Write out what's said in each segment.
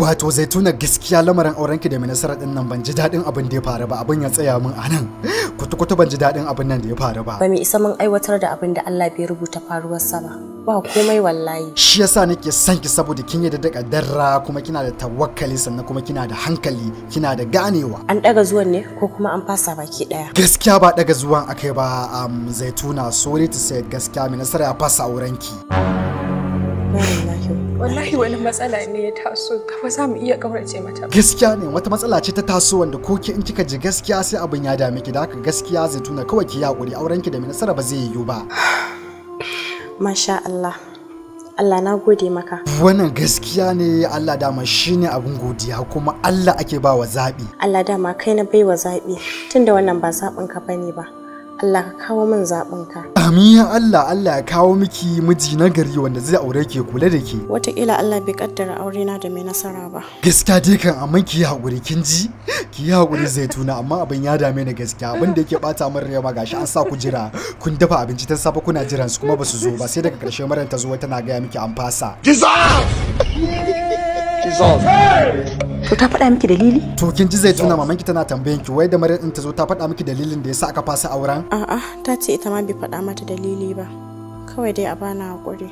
wato zaituna gaskiya lamarin aurenki da mai nasara din nan ban ji daɗin abin da ya faru ba abin ya tsaya min a nan kutukutu ban ji daɗin abin nan da ya faru ba ba mai isa mun aiwatar da abin da Allah bai rubuta faruwar sa ba ba komai wallahi shi yasa nake son ki saboda kin yi da darra kuma kina da tawakkali sannan kuma kina da hankali kina da ganewa an daga zuwan ne ko kuma an fasa baki daya gaskiya ba daga zuwan akai ba zaituna sorry to say gaskiya mai nasara ya fasa aurenki wallahi wani matsala ne ya taso ba za mu iya kaurace mata gaskiya ne wata matsala ce ta taso wanda ko ki in kika ji gaskiya sai abin ya dame ki da haka gaskiya zai tuna kawai ki yaƙuri auren ki da mai nasara ba zai yiwu ba masha Allah Allah na gode maka wannan gaskiya ne Allah dama shine abin godiya kuma Allah ake ba wa zaɓi Allah dama kai na baiwa zaɓi tunda wannan ba zaɓin ka bane ba Allah ka kawo min ka. Amin Allah Allah ya kawo miki miji na gari wanda zai aure ke kula da ke. Wataƙila Allah bai kaddara aure na da mai nasara ba. Gaskiya dai kan amma ki yi haƙuri kin ji? Ki yi haƙuri zaituna amma abin ya dame ni gaskiya abin da yake ɓata min rai ma gashi an sa ku jira kun dafa abinci ta safe kuna jiran su kuma ba su zo ba sai daga ƙarshe maran ta zo tana gaya miki an fasa. Jesus! Jesus! To ta faɗa miki dalili? To kin ji zai tuna mamanki tana tambayan ki wai da Maryam din ta zo ta faɗa miki dalilin da yasa aka fasa auren? A'a, ta ce ita ma bai faɗa mata dalili ba. Kawai dai a bana hakuri.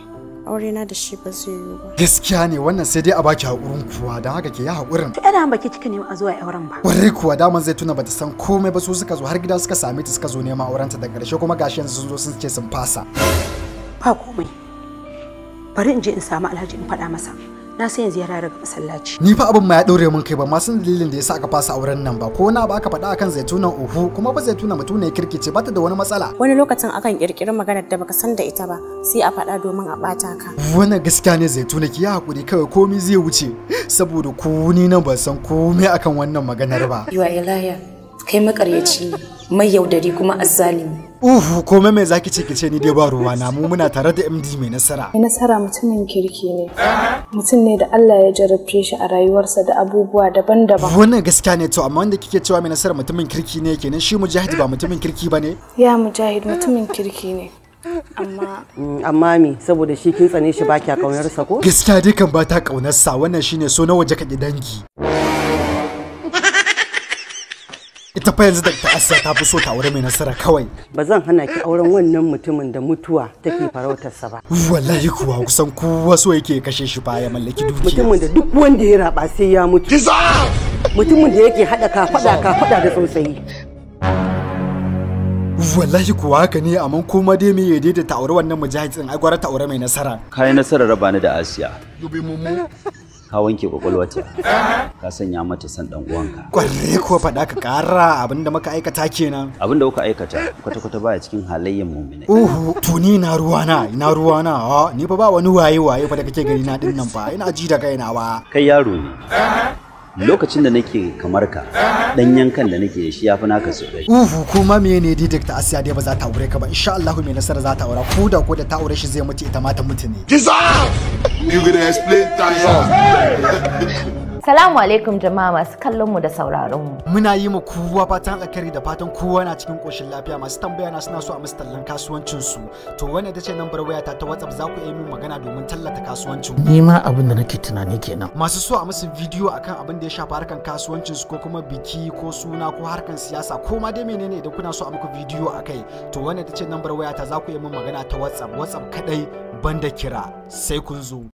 Aure na da shi ba zai yiwu ba. Gaskiya ne wannan sai dai a baki hakurin kuwa don haka ke ya hakurin. To ana baki kika nema a zuwa auren ba. Kwarai kuwa daman zai tuna bata san komai ba su suka zo har gida suka same ta suka zo auren aurenta da ƙarshe kuma gashi yanzu sun zo sun ce sun fasa. Ba komai. Bari in je in samu Alhaji in faɗa masa. na sai yanzu ya rara daga masallaci ni fa abin ma ya daure mun kai ba ma san dalilin da yasa aka fasa auren nan ba ko na ba aka faɗa akan zaitunan uhu kuma ba zaituna mutum ne kirkice ba ta da wani matsala wani lokacin akan kirkiri maganar da baka san da ita ba sai a faɗa domin a ɓata ka wannan gaskiya ne zaituna ki ya hakuri kawai komai zai wuce saboda ku ni nan ban san komai akan wannan maganar ba you ilaya. kai makaryaci mai yaudari kuma azzalimi uhu komai mai zaki ce kice ni dai ba ruwa na mu muna tare da MD mai nasara mai nasara mutumin kirki ne mutum ne da Allah ya jarabce shi a rayuwarsa da abubuwa daban-daban wannan gaskiya ne to amma wanda kike cewa mai nasara mutumin kirki ne kenan shi mujahid ba mutumin kirki ba ne? ya mujahid mutumin kirki ne amma mi mm, saboda shi kin tsane shi baki kaunar sa ko gaskiya dai kan ba ta ƙaunarsa wannan shine so nawa waje dangi ita fa yanzu da ita asa ta fi so ta aure mai nasara kawai ba zan hana ki auren wannan mutumin da mutuwa take farautarsa ba wallahi kuwa kusan kowa so yake kashe shi ba ya mallaki dukiya mutumin da duk wanda ya raba sai ya mutu mutumin da yake hada ka fada da tsautsayi wallahi kuwa haka ne amma kuma dai me ya daidaita aure wannan mujahid din ai gwara ta aure mai nasara kai nasara raba ni da asiya ka wanke kwakwalwata ka sanya mata san dan uwanka kwalle ko faɗa ka ƙara abinda muka aikata kenan abinda kuka aikata kwata kwata baya cikin halayyar mu'mina uhu to ni na ruwana ina ruwana ni fa ba wani waye waye fa da kake gani na din nan fa ina ji da kaina ba kai yaro ne lokacin da nake kamar ka dan yankan da nake shi yafi naka su dai uhu kuma ne dai ta asiya dai ba za ta aure ka ba insha Allah mai nasara za ta aura ko da ko da ta aure shi zai mutu ita ma ta mutu ne You could explain times. Oh. Salamu alaikum jama'a masu kallon mu da sauraron mu. Muna yi ma kowa fatan alkhairi da fatan kowa na cikin koshin lafiya masu tambaya na suna so a musu tallan kasuwancin su. To wannan da ce nambar wayata ta WhatsApp za ku yi min magana domin tallata kasuwancin ku. Ni ma abin da nake tunani kenan. Masu so a musu bidiyo akan abin da ya shafa harkan kasuwancin su ko kuma biki ko suna ko harkan siyasa ko ma dai menene idan kuna so a muku bidiyo akai. To wannan da ce nambar wayata za ku yi min magana ta WhatsApp WhatsApp kadai banda kira sai kun zo.